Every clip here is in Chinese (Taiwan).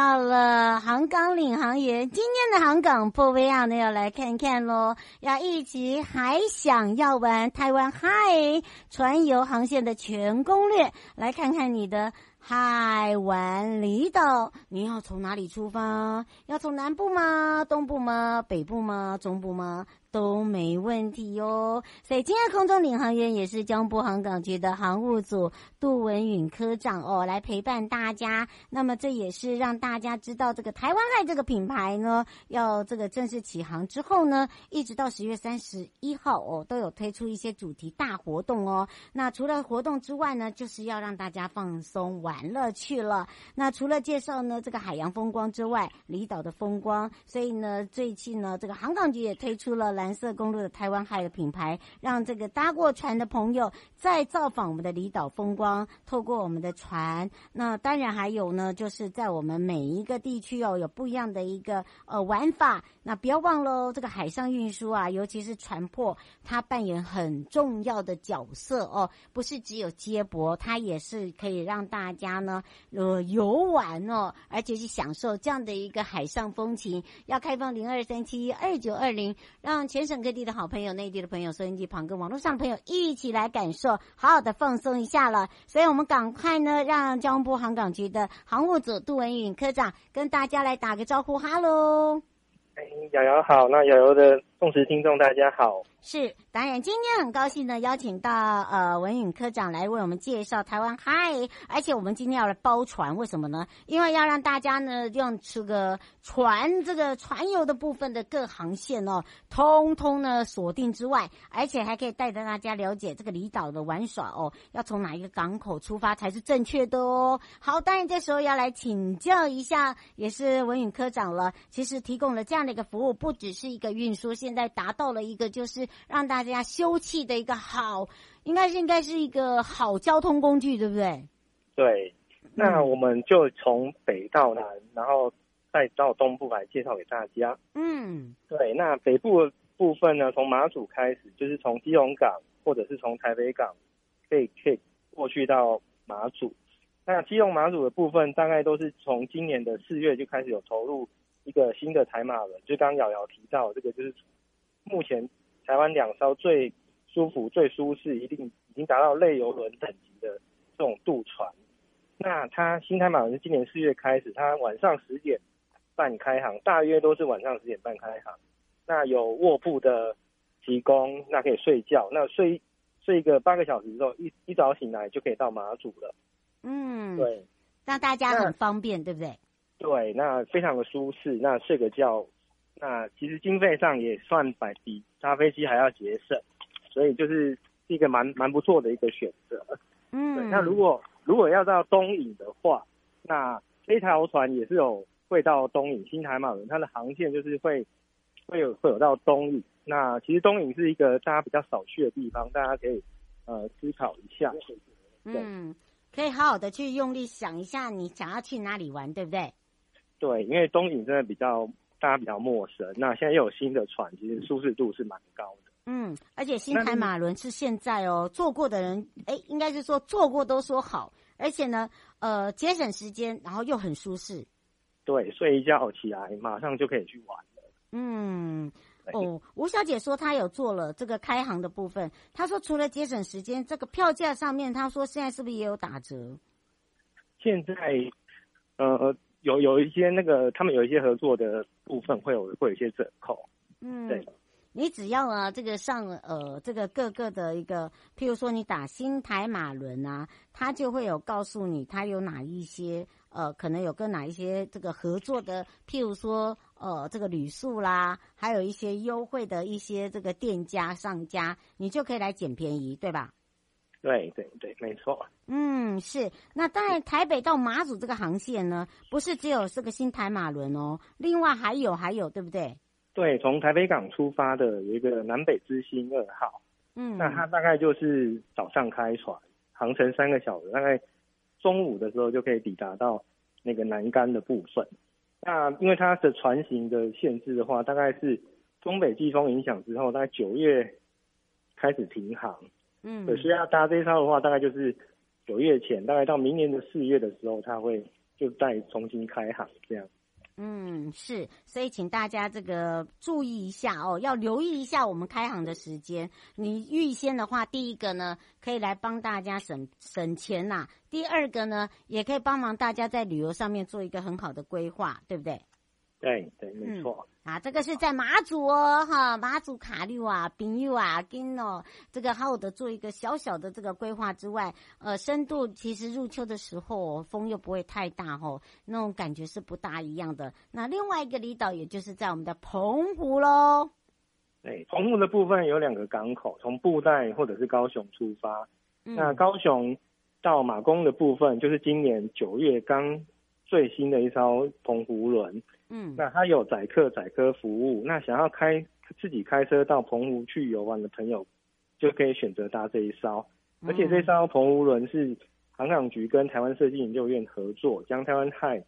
到了航港領航員，今天的航港不威亞呢，要來看看咯。要一起海想要玩台灣 Hi 船遊航線的全攻略，來看看你的海玩離島，你要從哪裡出發？要從南部嗎？東部嗎？北部嗎？中部嗎？都沒問題喲，所以今天空中領航員也是江波航港局的航務組杜文允科長哦，來陪伴大家。那麼這也是讓大家知道，這個台灣海這個品牌呢，要這個正式起航之後呢，一直到十月三十一號哦，都有推出一些主題大活動哦。那除了活動之外呢，就是要讓大家放鬆玩樂去了。那除了介紹呢這個海洋風光之外，離島的風光，所以呢最近呢這個航港局也推出了。藍色公路的臺灣海的品牌，讓這個搭過船的朋友再造訪我們的離島風光。透過我們的船，那當然還有呢，就是在我們每一個地區哦，有不一樣的一個呃玩法。那不要忘了哦，這個海上運輸啊，尤其是船舶，它扮演很重要的角色哦。不是只有接駁，它也是可以讓大家呢呃遊玩哦，而且是享受這樣的一個海上風情。要開放零二三七二九二零，讓。全省各地的好朋友、內地的朋友、收音機旁跟網絡上的朋友一起來感受，好好的放鬆一下了。所以，我們趕快呢，讓交通部航港局的航務組杜文允科長跟大家來打個招呼，哈嘍！哎，YOYO 好，那 YOYO 的。忠實聽眾，大家好，是當然，今天很高興呢，邀請到呃文允科長來為我們介紹台灣嗨，Hi! 而且我們今天要來包船，為什麼呢？因為要讓大家呢，用這個船這個船遊的部分的各航線哦，通通呢鎖定之外，而且還可以帶着大家了解這個離島的玩耍哦，要從哪一個港口出發才是正確的哦。好，當然這時候要來請教一下，也是文允科長了，其實提供了這樣的一個服務，不只是一個運輸線，現在達到了一個，就是讓大家休憩的一個好，應該是應該是一個好交通工具，對不對？對，那我們就從北到南，嗯、然後再到東部來介紹給大家。嗯，對，那北部的部分呢，從馬祖開始，就是從基隆港或者是從台北港可以可以過去到馬祖。那基隆馬祖的部分，大概都是從今年的四月就開始有投入一個新的台馬輪，就剛 YOYO 提到這個就是。目前台灣兩艘最舒服、最舒適，一定已經達到類游輪等級的這種渡船。嗯、那它新臺馬是今年四月開始，它晚上十點半開航，大約都是晚上十點半開航。那有臥鋪的提供，那可以睡覺，那睡睡個八個小時之後，一一早醒來就可以到馬祖了。嗯，對，那大家很方便，那對不對？對，那非常的舒適，那睡個覺。那其實經費上也算比搭飛機還要節省，所以就是一個蠻蠻不錯的一個選擇。嗯，那如果如果要到東引的話，那黑桃船也是有會到東引，新台馬輪它的航線就是會會有會有到東引。那其實東引是一個大家比較少去的地方，大家可以呃思考一下。嗯，對可以好好的去用力想一下，你想要去哪裡玩，對不對？對，因為東引真的比較。大家比較陌生，那現在又有新的船，其實舒適度是蠻高的。嗯，而且新台馬輪是現在哦，就是、坐過的人，哎、欸，應該是說坐過都說好，而且呢，呃，節省時間，然後又很舒適。對，睡一覺起來，馬上就可以去玩了。嗯，對哦，吳小姐說她有做了這個開行的部分，她說除了節省時間，這個票價上面，她說現在是不是也有打折？現在，呃，有有一些那個他們有一些合作的。部分會有會有一些折扣，嗯，對吧。你只要啊，這個上呃，這個各個的一個，譬如說你打新台馬輪啊，他就會有告訴你他有哪一些呃，可能有跟哪一些這個合作的，譬如說呃，這個旅宿啦，還有一些優惠的一些這個店家上家，你就可以來撿便宜，對吧？對對對，對，沒錯。嗯，是。那當然，台北到馬祖這個航線呢，不是只有這個新台馬輪哦，另外還有還有，對不對？對，從台北港出發的有一個南北之星二號。嗯，那它大概就是早上開船，航程三個小時，大概中午的時候就可以抵達到那個南竿的部分。那因為它的船型的限制的話，大概是東北季風影響之後，大概九月開始停航。嗯，可是要搭這一套的話，大概就是九月前，大概到明年的四月的時候，他會就再重新開行這樣。嗯，是，所以請大家這個注意一下哦，要留意一下我們開行的時間。你預先的話，第一個呢，可以來幫大家省省錢吶，第二個呢，也可以幫忙大家在旅遊上面做一個很好的規劃，對不對？對對，沒錯、嗯、啊，這個是在馬祖、哦、哈，馬祖卡利啊、冰六啊，金哦這個好的做一個小小的這個規劃之外，呃，深度其實入秋的時候、哦、風又不會太大吼、哦，那種感覺是不大一樣的。那另外一個離島，也就是在我們的澎湖嘍。對，澎湖的部分有兩個港口，從布袋或者是高雄出發。嗯、那高雄到馬公的部分，就是今年九月剛最新的一艘澎湖輪。嗯，那他有載客載客服務，那想要開自己開車到澎湖去遊玩的朋友，就可以選擇搭這一艘。嗯、而且這艘澎湖輪是航港局跟台灣設計研究院合作，將台灣泰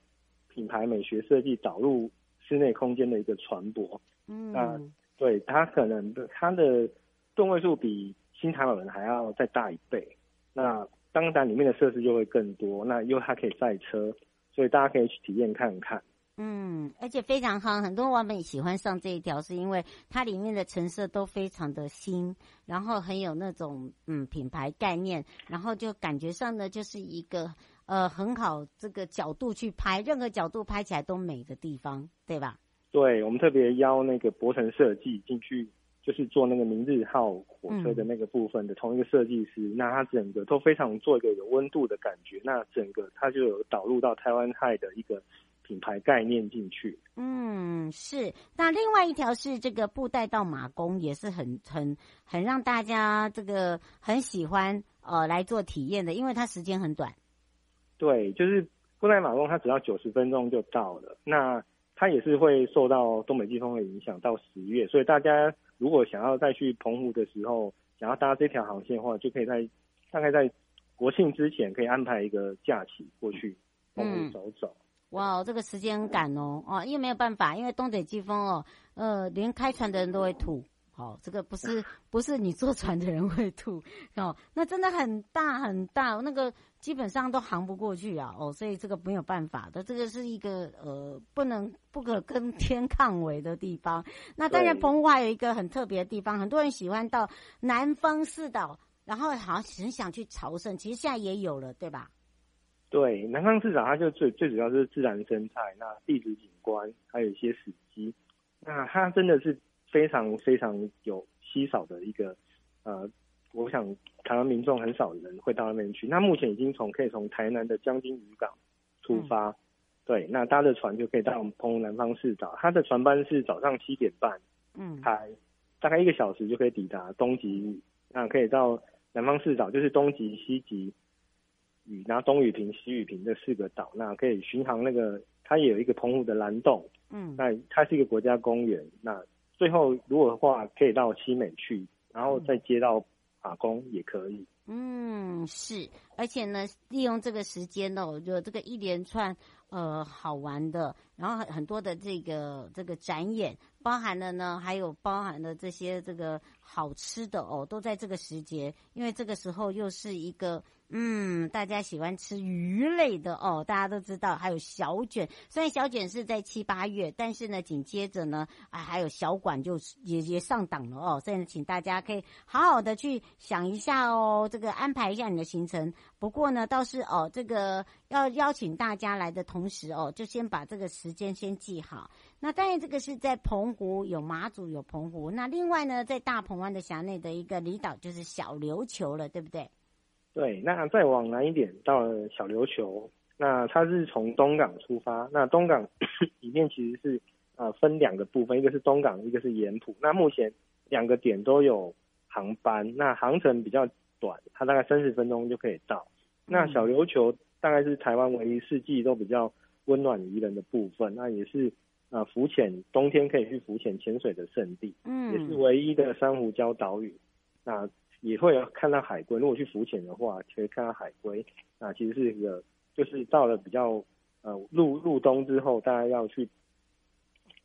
品牌美學設計導入室內空間的一個船舶。嗯，那對他可能他的噸位數比新台灣輪還要再大一倍。那當然裡面的設施就會更多。那因為它可以載車，所以大家可以去體驗看看。嗯，而且非常好，很多網友喜歡上這一條，是因為它裡面的成色都非常的新，然後很有那種嗯品牌概念，然後就感覺上呢就是一個呃很好這個角度去拍，任何角度拍起來都美的地方，對吧？對，我們特別邀那個柏成設計進去，就是做那個鳴日號火車的那個部分的同一個設計師，嗯、那他整個都非常做一個有溫度的感覺，那整個它就有導入到台灣海的一個品牌概念進去，嗯，是。那另外一條是這個布袋到馬公，也是很很很讓大家這個很喜歡呃來做體驗的，因為它時間很短。對，就是布袋馬公，它只要九十分鐘就到了。那它也是會受到東北季風的影響，到十月，所以大家如果想要再去澎湖的時候，想要搭這條航線的話，就可以在大概在國慶之前，可以安排一個假期過去澎湖走走。嗯哇，wow，這個時間很趕哦，哦，因為沒有辦法，因為東北季風哦，呃，連開船的人都會吐，好，哦，這個不是不是你坐船的人會吐，好，哦，那真的很大很大，那個基本上都航不過去啊，哦，所以這個沒有辦法的，這個是一個呃，不能不可跟天抗衡的地方。那當然，澎湖灣有一個很特別的地方，很多人喜歡到南方四島，然後好像很想去朝聖，其實現在也有了，對吧？對，南方四島它就最最主要是自然生態，那地質景觀，還有一些史蹟，那它真的是非常非常有稀少的一個，呃，我想台灣民眾很少人會到那邊去。那目前已經從可以從台南的將軍漁港出發，嗯、對，那搭的船就可以到，嗯、澎南方四島它的船班是早上七點半，嗯，開大概一個小時就可以抵達東吉，那可以到南方四島，就是東吉、西吉。拿東嶼坪、西嶼坪這四個島，那可以巡航那個，它也有一個澎湖的藍洞，嗯，那它是一個國家公園。那最後如果的話，可以到西美去，然後再接到馬公也可以。嗯，是，而且呢，利用這個時間呢、哦，我覺得這個一連串呃好玩的，然後很多的這個這個展演，包含了呢，還有包含了這些這個好吃的哦，都在這個時節，因為這個時候又是一個。嗯，大家喜歡吃魚類的哦，大家都知道。還有小卷，雖然小卷是在七八月，但是呢，緊接着呢，啊、哎，還有小管就也也上檔了哦。所以呢，請大家可以好好的去想一下哦，這個安排一下你的行程。不過呢，倒是哦，這個要邀請大家來的同時哦，就先把這個時間先記好。那當然，這個是在澎湖有馬祖有澎湖，那另外呢，在大鵬灣的轄內的一個離島就是小琉球了，對不對？對，那再往南一點到小琉球，那它是從東港出發，那東港 裡面其實是啊、呃、分兩個部分，一個是東港，一個是鹽埔。那目前兩個點都有航班，那航程比較短，它大概三十分鐘就可以到。那小琉球大概是台灣唯一四季都比較溫暖宜人的部分，那也是啊、呃、浮潛冬天可以去浮潛潛水的聖地，嗯，也是唯一的珊瑚礁島嶼，那，也會看到海龜，如果去浮潛的話，可以看到海龜。那其實是一個，就是到了比較呃入入冬之後，大家要去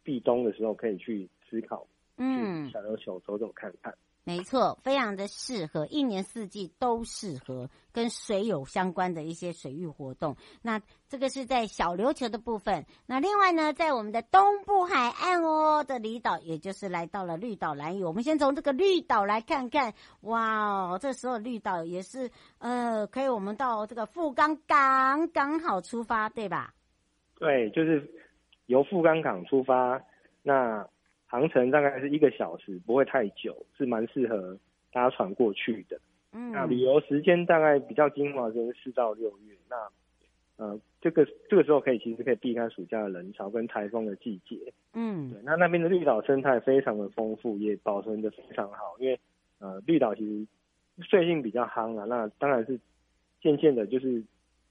避冬的時候，可以去思考，嗯，想要小琉球走走看看。嗯沒錯，非常的適合，一年四季都適合跟水有相關的一些水域活動。那這個是在小琉球的部分。那另外呢，在我們的東部海岸哦的離島，也就是來到了綠島、蘭嶼。我們先從這個綠島來看看。哇哦，這時候綠島也是呃，可以我們到這個富岡港剛剛好出發，對吧？對，就是由富岡港出發。那航程大概是一個小時，不會太久，是蠻適合搭船過去的。嗯，那旅遊時間大概比較精華就是四到六月，那呃這個這個時候可以其實可以避開暑假的人潮跟颱風的季節。嗯，那那邊的綠島生態非常的豐富，也保存的非常好，因為、呃、綠島其實最近比較夯啊，那當然是漸漸的，就是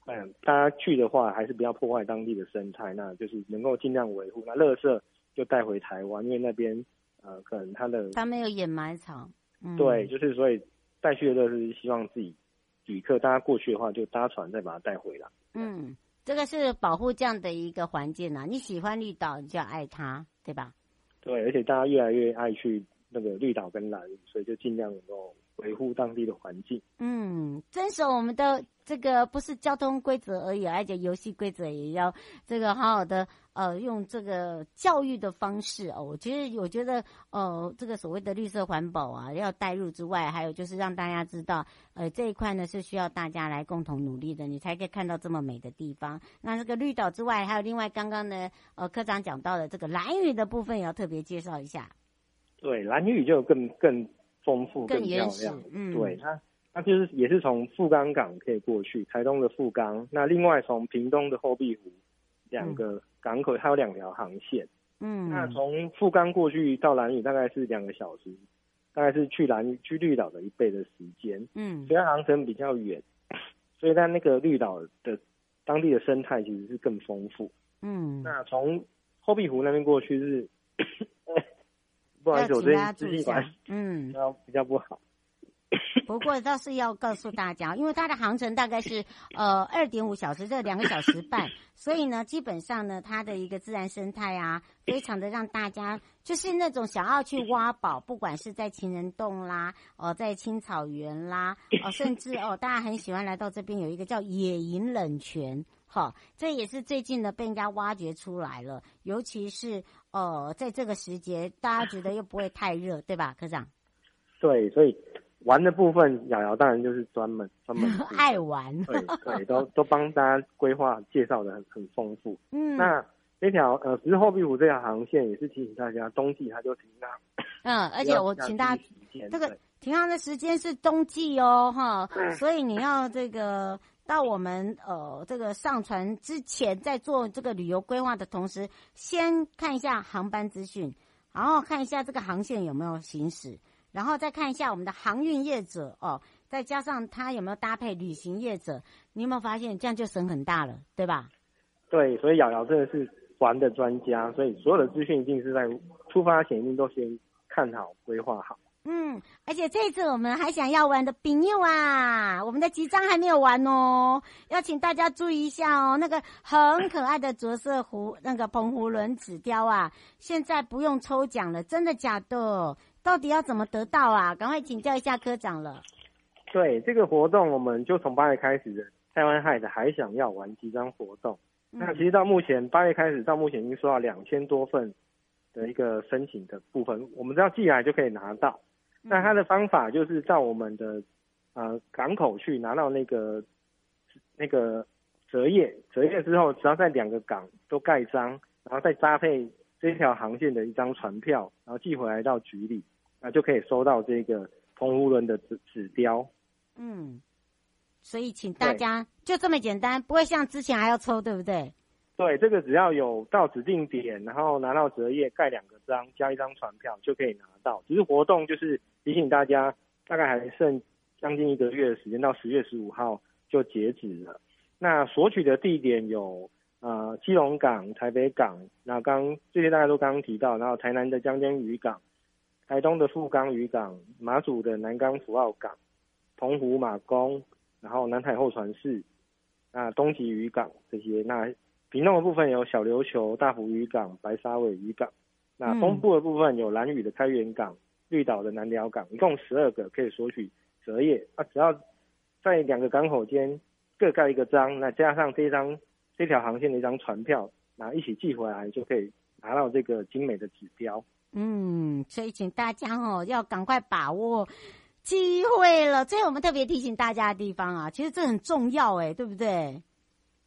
嗯、呃、大家去的話還是不要破壞當地的生態，那就是能夠盡量維護，那垃圾就帶回台灣，因為那邊，呃，可能他的他沒有掩埋場，對，嗯、就是所以帶去的都是希望自己旅客大家過去的話，就搭船再把它帶回來。嗯，這個是保護這樣的一個環境啊。你喜歡綠島，你就要愛它，對吧？對，而且大家越來越愛去那個綠島跟蘭嶼，所以就盡量能夠維護當地的環境。嗯，遵守我們的這個不是交通規則而已，而且遊戲規則也要這個好好的。呃，用這個教育的方式哦，我覺得，我覺得，呃，這個所謂的綠色環保啊，要帶入之外，還有就是讓大家知道，呃，這一塊呢是需要大家來共同努力的，你才可以看到這麼美的地方。那這個綠島之外，還有另外剛剛呢，呃，科長講到的這個蘭嶼的部分，也要特別介紹一下。對，蘭嶼就更更豐富、更漂亮，更原始嗯，對它，它就是也是從富岡港可以過去，台東的富岡，那另外從屏東的後壁湖兩個。嗯港口它有兩條航線，嗯，那從富岡過去到蘭嶼大概是兩個小時，大概是去蘭嶼去綠島的一倍的時間，嗯，所以航程比較遠，所以在那個綠島的當地的生態其實是更豐富，嗯，那從後壁湖那邊過去是 不好意思，我最近支氣管，嗯，系，嗯，比較不好。不過倒是要告訴大家，因為它的航程大概是呃二點五小時，這兩個小時半，所以呢，基本上呢，它的一個自然生態啊，非常的讓大家就是那種想要去挖寶，不管是在情人洞啦，哦、呃，在青草原啦，哦、呃，甚至哦，大家很喜歡來到這邊有一個叫野營冷泉，哈，這也是最近呢被人家挖掘出來了，尤其是哦、呃，在這個時節，大家覺得又不會太熱，對吧，科長？對，所以。玩的部分，YOYO 當然就是專門專門 愛玩 對，對對，都都幫大家規劃介紹的很很豐富。嗯，那這條呃，其實後壁湖這條航線也是提醒大家，冬季它就停航。嗯，而且我請大家這個停航的時間是冬季喲、哦，哈對，對所以你要這個到我們呃這個上船之前，在做這個旅遊規劃的同時，先看一下航班資訊，然後看一下這個航線有沒有行駛。然後再看一下我們的航運業者哦，再加上他有沒有搭配旅行業者，你有沒有發現這樣就省很大了，對吧？對，所以瑤瑤真的是玩的專家，所以所有的資訊一定是在出發前一定都先看好規劃好。嗯，而且這一次我們海想要玩的朋友啊，我們的集章還沒有完哦，要請大家注意一下哦，那個很可愛的著色狐、那個澎湖輪紙雕啊，現在不用抽獎了，真的假的？到底要怎麼得到啊？趕快請教一下科長了。對這個活動，我們就從八月開始的。台灣 Hi 的海想要玩幾張活動？嗯、那其實到目前八月開始到目前已經收到兩千多份的一個申請的部分。嗯、我們只要寄來就可以拿到。嗯、那它的方法就是到我們的呃港口去拿到那個那個折頁，折頁之後只要在兩個港都蓋章，然後再搭配這條航線的一張船票，然後寄回來到局裡。那就可以收到這個通滬輪的指指標。嗯，所以請大家對就這麼簡單，不會像之前還要抽，對不對？對，這個只要有到指定點，然後拿到折頁蓋兩個章，加一張船票就可以拿到。只是活動就是提醒大家，大概還剩將近一個月的時間，到十月十五號就截止了。那索取的地點有呃基隆港、台北港，那剛這些大家都剛剛提到，然後台南的將軍漁港、台東的富岡漁港、馬祖的南竿福澳港、澎湖馬公，然後南海候船室、啊，東吉漁港這些，那屏東的部分有小琉球、大湖漁港、白沙尾漁港，那東部的部分有蘭嶼的開元港、嗯、綠島的南寮港，一共十二個可以索取折頁啊，只要在兩個港口間各蓋一個章，那加上這張這條航線的一張船票，然後一起寄回來就可以拿到這個精美的指標。嗯，所以請大家哦、喔，要趕快把握機會了。所以我們特別提醒大家的地方啊，其實這很重要哎、欸，對不對？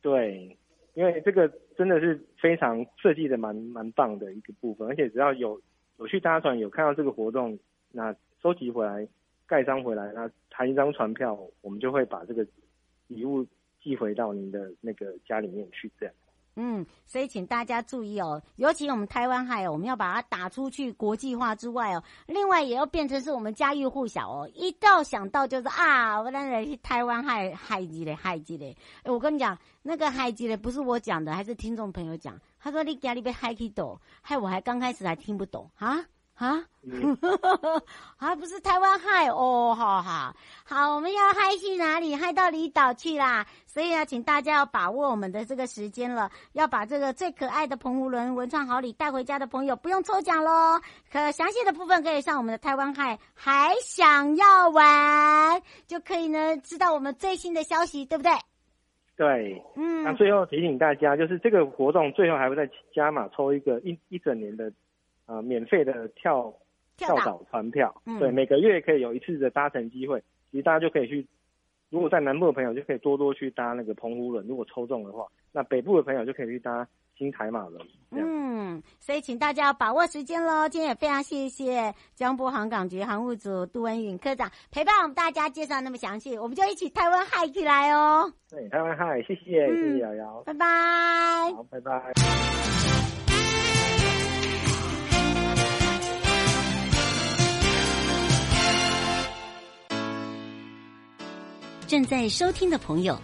對，因為這個真的是非常設計的蠻蠻棒的一個部分，而且只要有有去搭船，有看到這個活動，那收集回來蓋章回來，那彈一張船票，我們就會把這個禮物寄回到您的那個家裡面去，這樣。嗯，所以請大家注意哦，尤其我們台灣海、哦，我們要把它打出去國際化之外哦，另外也要變成是我們家喻戶曉哦，一到想到就是啊，我們來去台灣海嗨一下嗨一下，哎、欸，我跟你講，那個嗨一下不是我講的，還是聽眾朋友講，他說你家裡邊海雞多，害我還剛開始還聽不懂哈、啊啊，蛤嗯、 還不是台灣嗨哦，哈哈，好，我們要嗨去哪裡？嗨到離島去啦，所以要請大家要把握我們的這個時間了，要把這個最可愛的澎湖輪文創好禮帶回家的朋友不用抽獎嘍。可詳細的部分可以上我們的台灣嗨，海想要玩就可以呢，知道我們最新的消息，對不對？對，嗯。那、啊、最後提醒大家，就是這個活動最後還會再加碼抽一個一一整年的。呃，免費的跳跳島船票，嗯、對，每個月可以有一次的搭乘機會。其實大家就可以去，如果在南部的朋友就可以多多去搭那個澎湖輪，如果抽中的話，那北部的朋友就可以去搭新台馬輪。嗯，所以請大家把握時間嘍。今天也非常謝謝交通部航港局航務組杜文允科長陪伴我們大家介紹那麼詳細，我們就一起台灣嗨起來哦！對，台灣嗨，謝謝，嗯、謝謝 Yoyo，拜拜，好，拜拜。正在收聽的朋友，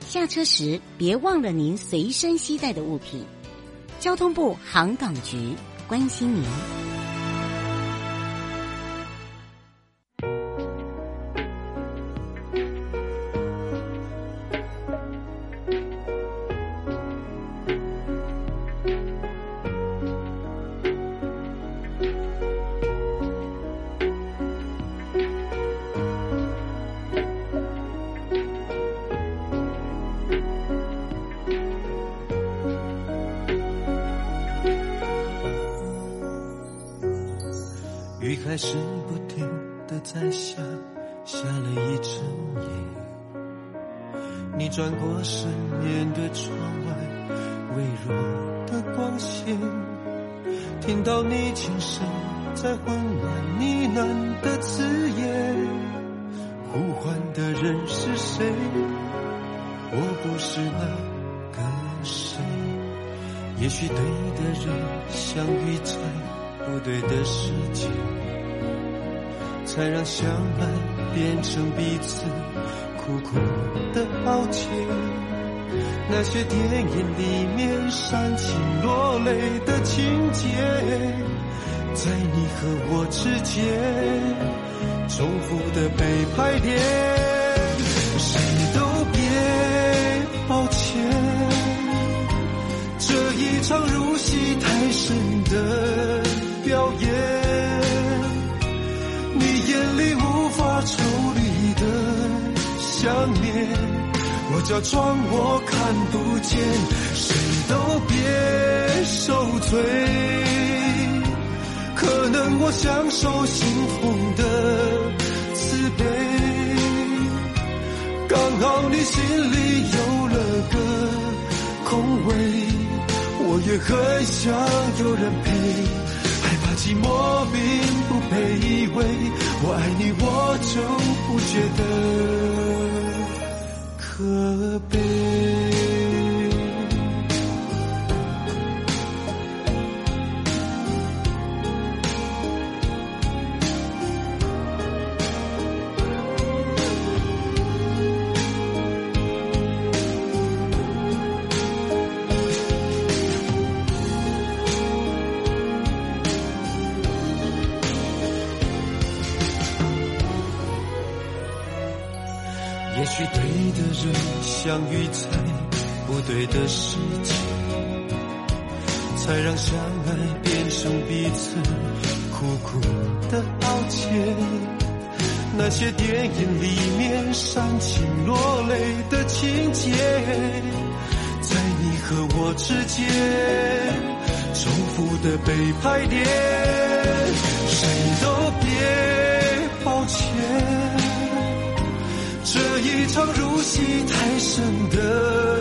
下車時別忘了您隨身攜帶的物品。交通部航港局關心您。還是不停地在下，下了一整夜。你轉過身，面對窗外微弱的光線，聽到你輕聲在混亂呢喃的字眼，呼喚的人是誰？我不是那個誰，也許對的人相遇在不對的時間。才讓相愛變成彼此苦苦的抱歉。那些電影裡面煽情落淚的情節，在你和我之間重複的被排練。誰都別抱歉，這一場入戲太深的表演。抽離的想念，我假裝我看不見，誰都別受罪。可能我享受心痛的慈悲，剛好你心裡有了個空位，我也很想有人陪，害怕寂寞並不卑微，我愛你我。就不覺得可悲。的人相遇在不對的時間，才讓相愛變成彼此苦苦的抱歉。那些電影裡面煽情落淚的情節，在你和我之間重複的被排練，誰都別抱歉。這一場入戲太深的。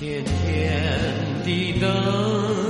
天天的等。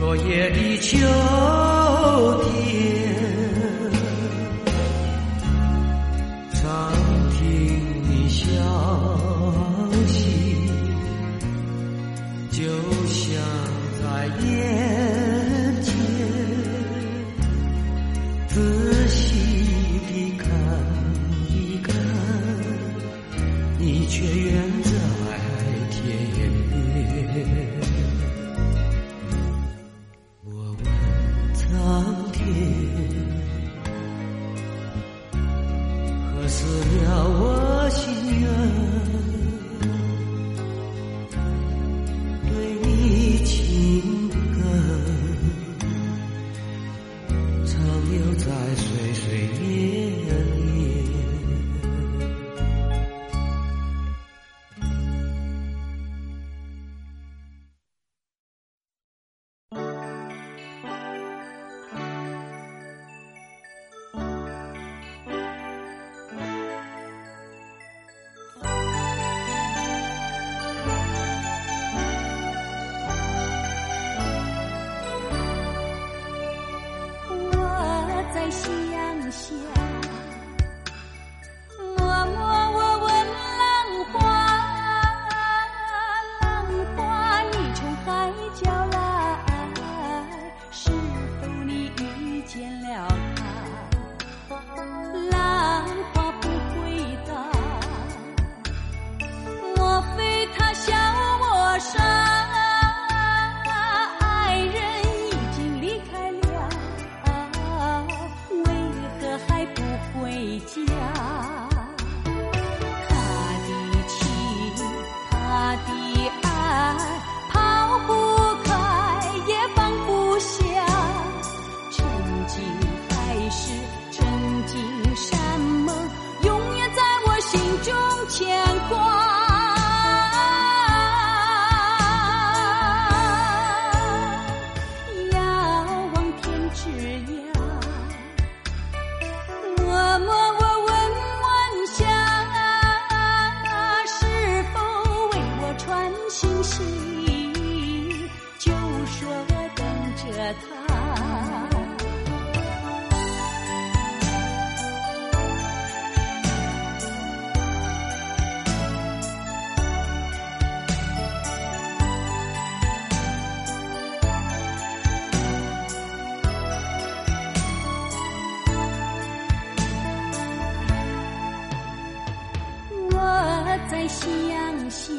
落葉的秋天。在夕陽下